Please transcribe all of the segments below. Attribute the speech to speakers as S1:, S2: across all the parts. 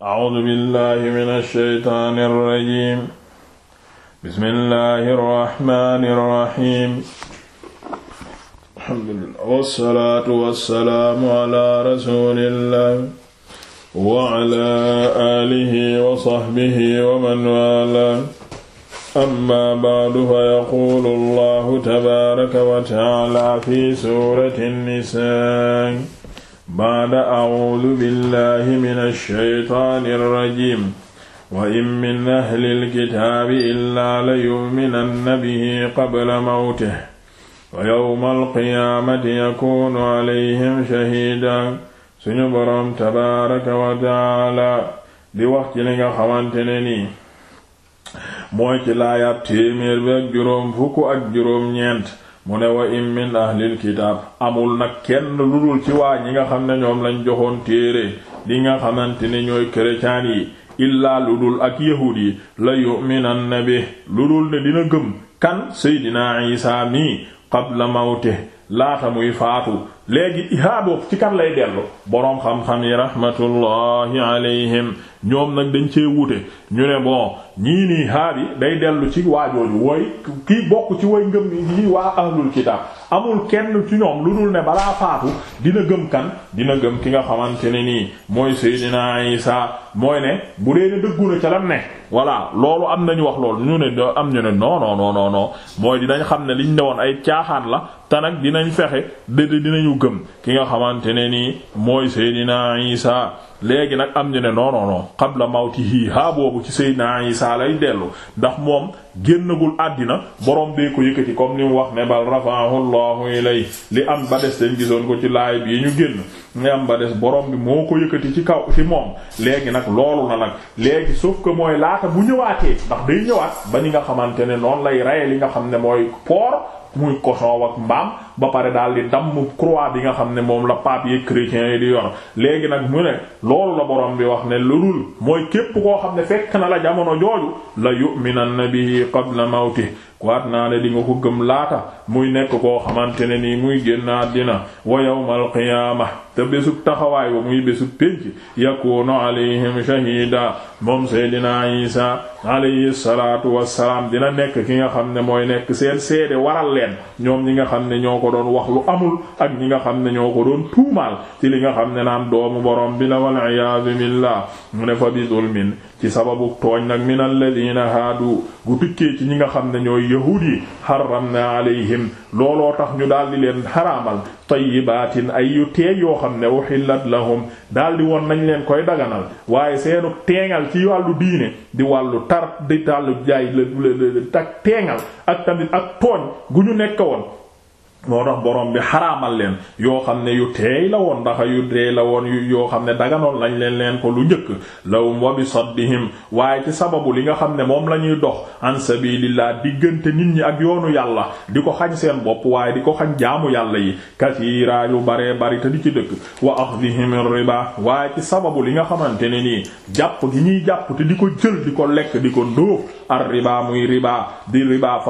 S1: A'uuzu billaahi mina shaytaani rajiim. Bismillaahi rahmaani rahiim. Alhamdulillah wassalaatu wassalaamu alaa rasuulillaahi wa alaa aalihi wa sahbihi wa man waalaahu. Ammaa ba'du fa yaquulu Allaahu tabaaraka wa ta'aalaa fi suurati Nisaa. baada acuudu billahi min alshaytaani alrajim wa in min ahli alkitaabi illaa la yuminanna bihi qabla mawtih wa yowma alqiyaamati yakuunu calayhim shahiida suñu boroom tabaaraka wa tacaala di wax ci li nga xamante ne nii mooy ci laayaab téeméer bi ak juróom fukk ak juróom ñeent mu ne wa im min ahlil kitaab amul nag kenn lu dul ci waa ñi nga xam ne ñoom lañ joxoon téere di nga xamante ne ñooy chrétien yi illaa lu dul ak yahud yi la yu'minanna bi lu dul ne dina gëm kan seydinaa isa mi qabla mawte laata muy faatu léegi ihaaboob ci kan lay dellu boroom xam-xam yi rahmatullahi alayhim ñoom nag dañ cee wuute ñu ne boo ñii nii ihaab yi day dellu ci waajooju wooy kii bokk ci way ngëm yi waa ahlul kitaab amul kenn ci ñoom lu dul ne balaa faatu dina gëm kan dina gëm ki nga xamante ne nii mooy Seydina Isa mooy ne bu dee ne dëggu ca lam ne voilà loolu am nañu wax loolu ñu ne am ñu ne non non non mooy dinañ xam ne liñ ne woon ay caaxaan la te nag dinañ fexe dëdd dinañu gëm ki nga xamante ne nii mooy Seydina Isa léegi nag am ñu ne non non non qabla mawtihi haa boobu ci Seydina Isa lay dellu ndax moom génnagul àddina borom bee ko yëkkati comme ni mu wax ne bal rafa'ahu Allahu ilay li am ba des dañ gisoon ko ci laay bii ñu génn li am ba des borom bi moo ko yëkkati ci kaw ci moom léegi nag loolu na nag léegi sauf que mooy laata bu ñëwaatee ndax day ñëwaat ba ni nga xamante ne noonu lay reye yi nga xam ne mooy poor muy cochon ak mbaam. ba pare daal di damm croix bi nga xam ne moom la pape yi chrétiens yi di yor léegi nag mu ne loolu la borom bi wax ne lulul mooy képp koo xam ne fekk na la jamono jooju la yu'minanna bihi qabla mawti waat naa ne di nga ko gëm laata muy nekk koo xamante ne nii muy génn àddina wa yawmal qiyaama te bésub taxawaay ba muy bésub pénc yakunu alayhim shahida moom seydina isa alayhi salaatu wassalaam dina nekk ki nga xam ne mooy nekk seen seede waral leen ñoom ñoo ko doon wax lu amul ak ñi nga xam ne ñoo ko doon tuumaal ci li nga xam ne naan doomu borom bi la wal iyaadu billah mu ne fa bi zulmin ci sababu tooñ nag min alladina haadu gu tukkee ci ñi nga xam ne ñooy yahuud yi harramna alayhim looloo tax ñu daal di leen xaraamal tayyibaatin ay yu teey yoo xam ne uhillat la daal di woon nañ leen koy daganal waaye seenu teengal ci wàllu diine di wàllu tar di tàllu jaay la tak teengal ak tamit ak tooñ gu ñu nekk woon moo tax borom bi xaraamal leen yoo xam ne yu teey la woon ndax yu teey la woon yoo xam ne daganoon lañ leen leen ko lu njëkk lawum wa bi saddihim waaye ci sababu li nga xam ne moom la ñuy dox an sabilillah diggante nit ñi ak yoonu yàlla di ko xañ seen bopp waaye di ko xañ jaamu yàlla yi kasiira yu baree bari te di ci dëkk wa akhdihim riba waaye ci sababu li nga xamante ne nii jàpp gi ñuy jàpp te di ko jël di ko lekk di ko ndóof ar riba muy riba di riba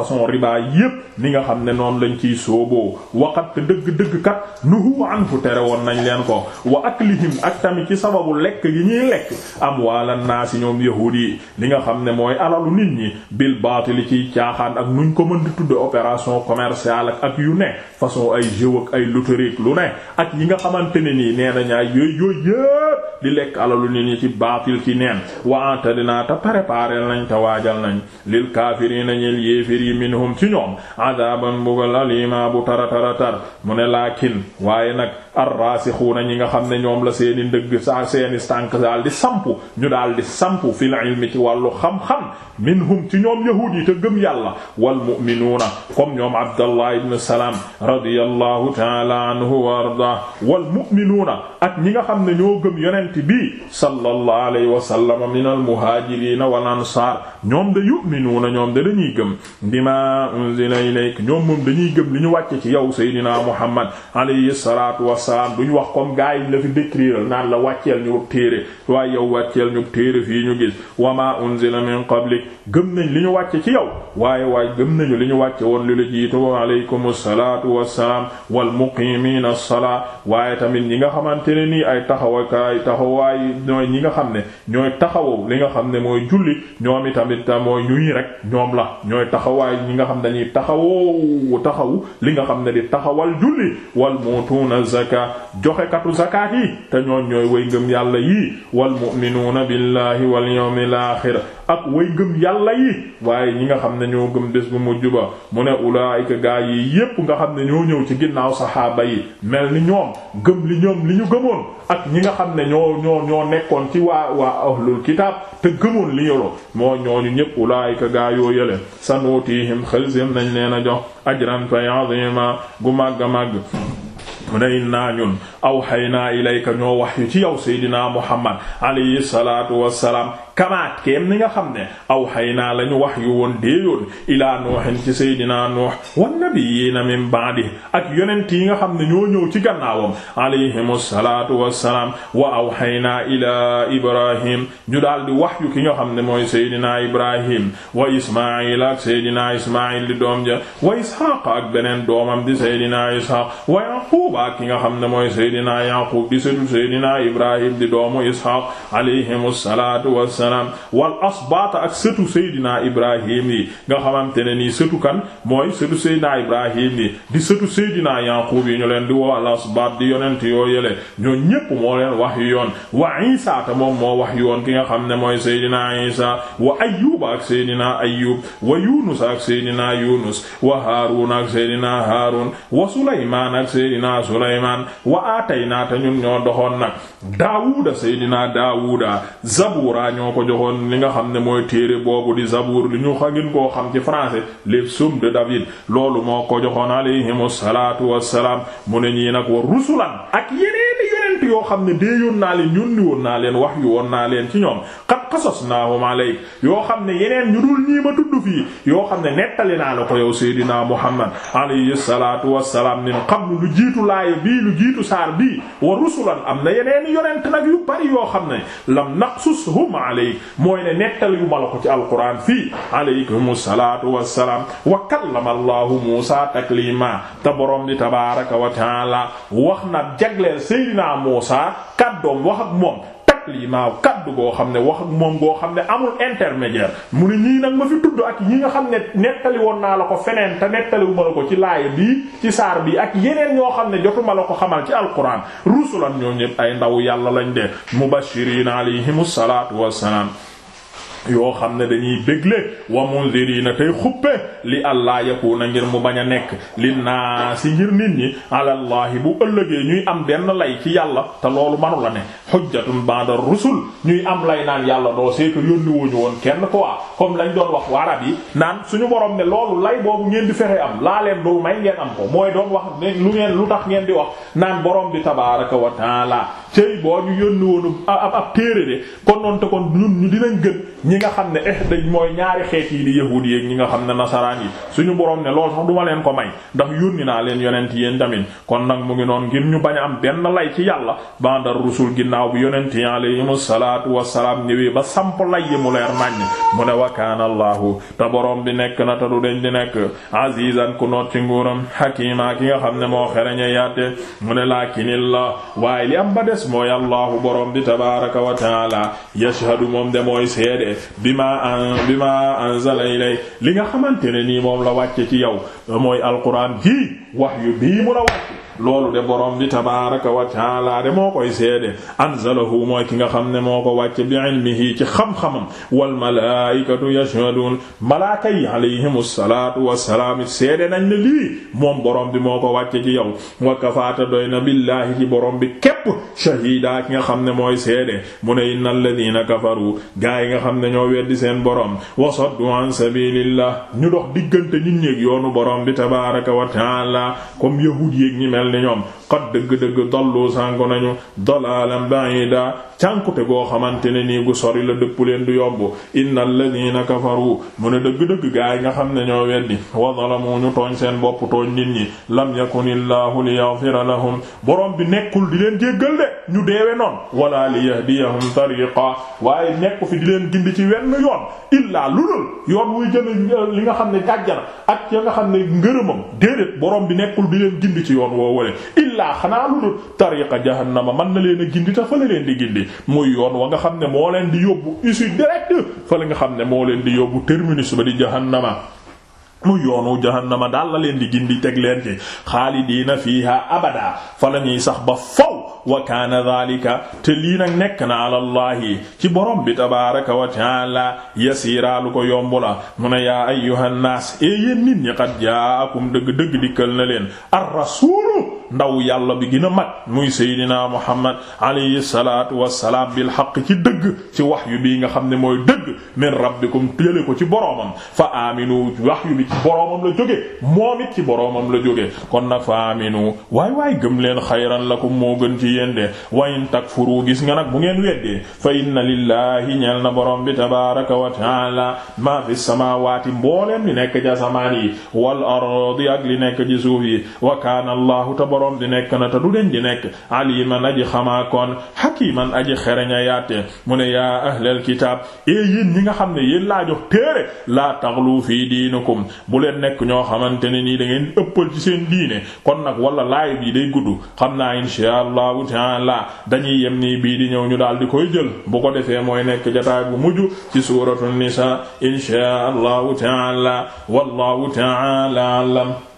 S1: nga xam ne noonu lañ ciy sóoboo anhu waqat dëgg-dëgg kat nuhu anhu tere woon nañ leen ko wa aklihim ak tamit ci sababu lekk gi ñuy lekk amwaalan naasi ñoom yahuud yi li nga xam ne mooy alalu nit ñi bil baatil ciy caaxaan ak nuñ ko mën di tudde opération commerciale ak yu ne façon ay jeu ay loterie lu ne ak yi nga xamante ne nii nee nañ ay yooyu yooyu yëpp di lekk alalu nit ñi ci baatil ci neen wa antadina te préparer nañ te waajal nañ lil kaafiriina ñeel yi minhum ci ñoom adaban taratar mu ne laakin waaye nag arraasixuuna ñi nga xam ne ñoom la seeni ndëgg sa seeni tànk daal di sampu ñu daal di sampu fil ilmi ci wàllu xam-xam minhum ci ñoom yahuud yi te gëm yàlla wal mu'minuuna comme ñoom Abdallah ibn Salaam radiyallahu ta'ala anhu wa arda wal mu'minuuna ak ñi nga xam ne ñoo gëm yonent bi sallallahu alayhi wa sallam min al muhaajiriina wal ansaar ñoom da yu'minuuna ñoom da dañuy gëm bima unzila ilayk ñoom moom dañuy gëm li ñu wàcc ci yow Seydina Muhammad alayhi wa wassalaam duñu wax comme gaa yi la fi décrire naan la wàcceel ñu téere waaye yow wàcceel ñu téere fii ñu gis wa maa unzila min qablik gëm nañ li ñu wàcce ci yow waaye waaye gëm nañu li ñu wàcce woon li la jiitu alaykum salaatu wassalaam wal muqiimiina salaa waaye tamit ñi nga xamante ne nii ay taxawakaay taxawaay ñooy ñi nga xam ne ñooy taxawaw li nga xam ne mooy julli ñoom itamit mooy ñuy rek ñoom la ñooy taxawaay ñi nga xam dañuy taxawoo taxaw li xam ne di taxawal julli wal mutuuna zaka joxekatu zakaat yi te ñooñ ñooy way ngëm yàlla yii wal mu'minuuna billahi wal yawmil aaxir ak way ngëm yàlla yi waaye ñi nga xam ne ñoo gëm bés bu mujj ba mu ne ulaayika gaa yi yépp nga xam ne ñoo ñëw ci ginnaaw saxaaba yi mel ni ñoom gëm li ñoom li ñu gëmoon ak ñi nga xam ne ñoo ñoo ñoo nekkoon ci waa waa ahlul kitaab te gëmoon li yolo moo ñooñu ñëpp ulaayika gaa yoo yële sanuutihim xelsim nañ leen a jox ajran fay azima gu màgg a màgg mu ne innaa ñun awxaynaa ilayka ñoo wax yu ci yow seydinaa muhammad alayhi salaatu wassalaam kamaat keem ni nga xam ne aw xay naa la ñu wax yu woon déeyoon ilaa nooxen ci seydinaa noox wan nabiyina min baadi ak yonent yi nga xam ne ñoo ñëw ci gannaawam alayhim asalatu wassalaam wa aw xay naa ilaa ibrahim ñu daal di wax yu ki nga xam ne mooy seydinaa ibrahim wa ismail ak seydinaa ismail di doom ja wa isxaq ak beneen doomam di seydinaa isxaq wa yaqub ak ki nga xam ne mooy seydinaa yaqub di seydinaa ibrahim di doomu isxaq alayhim asalatu salaam wal asbaata ak sëtu Seydina Ibrahim yi nga xamante ne ni sëtu kan mooy sëtu Seydina Ibrahim yi di sëtu Seydina Yaqub yi ñu leen di woo al asbaat di yonent yoo yële ñoo ñépp moo leen wax yu yoon wa Isa ta moom moo wax yu yoon ki nga xam ne mooy Seydina Isa wa Ayyuba ak Seydina Ayyub wa Yunus ak Seydina Yunus wa Haarun ak Seydina Haarun wa Sulaymaan ak Seydina Sulaymaan wa aatayna ta ñun ñoo doxoon nag Daawuda Seydina Daawuda Zabura ñoo ko joxoon li nga xam ne mooy téere boobu di Zabuur li ñu xagin koo xam ci français les psaumes de David loolu moo ko joxoon alayhimu salaatu wassalaam mu ne ñii nag wa rusulan ak yeneeni yonent yoo xam ne dee yoon naa leen yónni woon naa leen wax yu woon naa leen ci ñoom qasasnaahum alayk yoo xam ne yeneen ñu dul ñii ma tudd fii yoo xam ne nettal naa la ko yow Seydina Muhammad alayhi salaatu wassalaam min qablu lu jiitu laaya bii lu jiitu saar bii wa rusulan am na yeneen yonent nag yu bari yoo xam ne lam naqsushum alayk mooy ne nettali yu ma la ko ci alquran fii alaykum salaatu wassalaam wa kallama Allahu Muusaa takliima te borom tabaaraka wa taala wax na jagleel Seydina Muusaa kàddoom wax ak moom taklimaa kaddu goo xam ne wax ak moom goo xam ne amul intermédiaire mu ne ñii nag ma fi tudd ak ñi nga xam ne nettali woon naa la ko feneen te nettaliwuma la ko ci laaya bi ci saar bi ak yeneen ñoo xam ne jotuma la ko xamal ci alquran rusulan ñoo ñëpp ay ndaw yàlla lañ de mubashiriin alayhimu salaatu wassalaam yoo xam ne dañuy bégle wa munzirina tey xuppe li allah yakuna ngir mu bañ a nekk li naa si ngir nit ñi alallahi bu ëllëgee ñuy am benn lay ci yàlla te loolu manu la ne hujjatun ba'da rusul ñuy am lay naan yàlla doo seetu yónni wuñu woon kenn ko quoi kom lañ doon wax waarab yi naan suñu boroom ne loolu lay boobu ngeen di fexe am laa leen dul may ngeen am ko mooy doon wax lu ngeen lu tax ngeen di wax naan boroom bi tabaraka wa taala tey boo ñu yónni woonu ab ab téere de kon noon te kon ñun ñu dinañ gën ñi nga xam ne eh dañ mooy ñaari xeet yi di yahuud yi ñi nga xam ne nasaraan yi suñu borom ne loolu sax duma leen ko may ndax yónni naa leen yonent yéen tamit kon nag mu ngi noonu ngir ñu bañ am benn lay ci yàlla bandar rusul ginnaaw bi yonent yi alayhimu salaatu wassalaam ñëwee ba samp lay yi mu leer màññ mu ne wa kaana allahu te borom bi nekk na te du deñ di nekk azizan ku noot ci nguuram hakima ki nga xam ne moo xereñe mu ne laakinillah waaye li des mooy allahu borom bi tabaraka wa taala yashhadu moom de mooy seede bi ma an bi ma anzala ilay li nga xamante ne nii moom la wàcce ci yow mooy alquran ji wax yu bii mu la wàcce loolu de borom bi tabaaraka wa taala de moo koy seede anzalahu mooy ki nga xam ne moo ko wàcce bi ilmihi ci xam-xamam wal malaa'ikatu yashhadun malaaka yi alayhimu salaatu wassalaam seede nañ ne lii moom borom bi moo ko wàcce ci yow wa kafaata doy na billaahi ci borom bi képp shahiida ki nga xam ne mooy seede mu ne innal ladina kafaru gaa yi nga xam ne ñoo weddi seen borom wa saddu an sabilillah ñu dox diggante nit ñéeg yoonu borom bi tabaaraka wa taala comme yahuud mel ni qad dëgg-dëgg dallu sànku nañu dalaalan ba'ida cànkute goo xamante ne nii gu sori la dëpp leen du yobbu innal ladina kafaru mu ne dëgg-dëgg gaa yi nga xam ne ñoo weddi wa zalamu ñu tooñ seen bopp tooñ nit ñi lam yakunillahu liyaghfira lahum borom bi nekkul di leen jéggal de ñu deewe noon wala liyahdiyahum tariqa waaye nekku fi di leen gindi ci wenn yoon illaa lulul yoon wuy jël li nga xam ne gàjjana ak ya nga xam ne ngërëmam déedéet borom bi nekkul di leen ci yoon woo illaa xanaa lu dul tariqa jahannama man na leen a gindi te fa leen di gindi muy yoon wa nga xam ne moo leen di yóbbu issue direct fa la nga xam ne moo leen di yóbbu terminus ba di jahannama mu yoonu jahannama daal la leen di gindi teg leen ci xaalidiina fiiha abada fa la ñuy sax ba faw wa kaana daalika te lii nag nekk na alallaahi ci borom bi tabaaraka wa taala yasiira ko yomb la ya ne yaa ayyuhan naas e yéen nit qad jaakum dëgg dëgg dikkal na leen ar rasuulu ndaw yàlla bi gën a mag muy seydinaa muhammad alayhi salaatu wassalaam bil haqq ci dëgg ci wahyu bi nga xam ne mooy dëgg min rabbikum jële ko ci boroomam fa aminu wahyu bi ci boroomam la jóge moom it ci boroomam la jóge kon nag fa aminu waay waay gëm leen xayran lakum moo gën ci yéen de wa in takfuru gis nga nag bu ngeen weddee fa inna lillahi ñeel na borom bi tabaraka wa taala ma fi samawati mbooleem li nekk ci asamaan wal ardi ak li nekk ci suuf yi wa kana allahu boroom di nekk na ta du den di nekk aliman aji xamaakoon hakiman aji xereñ a yaate mu ne yaa ahlal kitaab e yéen ñi nga xam ne yéen laa jox téere laa taxlu fii diinikum bu leen nekk ñoo xamante ne nii dangeen ngeen ëppal ci seen diine kon nag wala laay bi day gudd xam naa insha allahu taala dañuy yem nii bii di ñëw ñu daal di koy jël bu ko defee mooy nekk jataay bu mujj ci suuratu nisa insha allahu taala wallahu taala alam